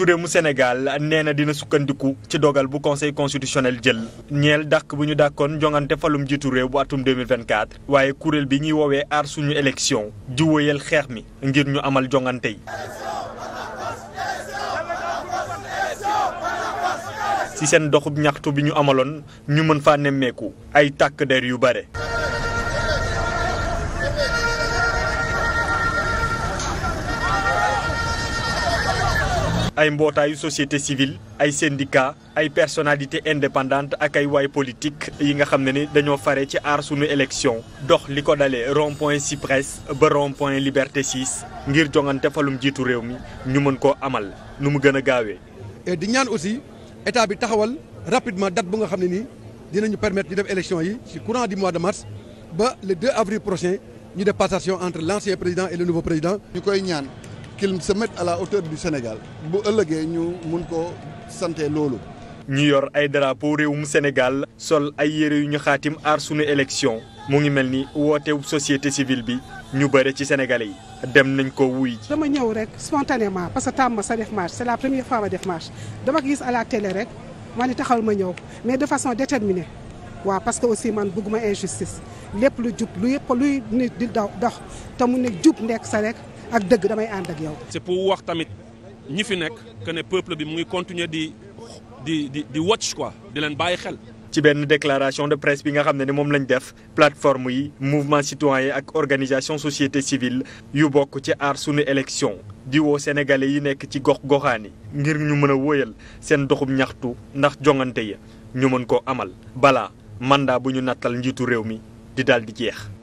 njiitu réew mu Sénégal nee na dina sukkandiku ci dogal bu conseil constitutionnel jël ñeel dàq bu ñu dàkkoon jongante falum njiitu réew bu atum 2024 waaye kuréel bi ñuy woowee aar suñu élection di wóoyal xeex mi ngir ñu amal jongante yi. ci seen doxub ñaxtu bi ñu amaloon ñu mën faa nemmeeku ay tàkk der yu bare. ay mbootaayu société civile ay syndicat ay personnalité indépendante ak ay waay politique yi nga xam ne ni dañoo fare ci aar sunu élection dox li ko dalee rond point Cyprès ba rond point Liberté 6 ngir jongante falum jiitu réew mi ñu mën koo amal nu mu gën a gaawee. di ñaan aussi état bi taxawal rapidement date bu nga xam ne nii dinañu permettre ñu def élection yi ci courant du mois de mars ba le 2 avril prochain ñu def passation entre l' ancien président et koy ñaan. qu'il se mette à la hauteur du Sénégal bu ëllëgee ñu mun ko sante loolu. ñu yor ay drapeau réewum Sénégal sol ay yére yu ñu xaatim aar sunu élection mu ngi mel ni wootewu société civile bi ñu bëri ci Sénégalais yi. dem nañ ko wuy sama ñëw rek spontanément parce que tàmm sa def marche c'est la première fois def marche dama gis à la télé rek ma ni taxawal ma ñëw mais de façon déterminée waa parce que aussi man bëgguma injustice lépp lu jub lu yëpp luy nit di dox te mu ne jub nekk sa ak dëgg damay ànd pour wax tamit ñi fi nekk que ne peuple bi mu ngi continuer di di di di watch quoi di leen bàyyi xel. ci benn déclaration de presse bi nga xam ne ni moom lañu def plateforme yi mouvement citoyen ak organisation société civile yu bokk ci aar sunu élection diwoo woo yi nekk ci gox goxaan yi ngir ñu mën a wóoyal seen doxum ñaxtu ndax jongante yi ñu mën koo amal balaa mandat bu ñu nattal njiitu réew mi di daal di jeex.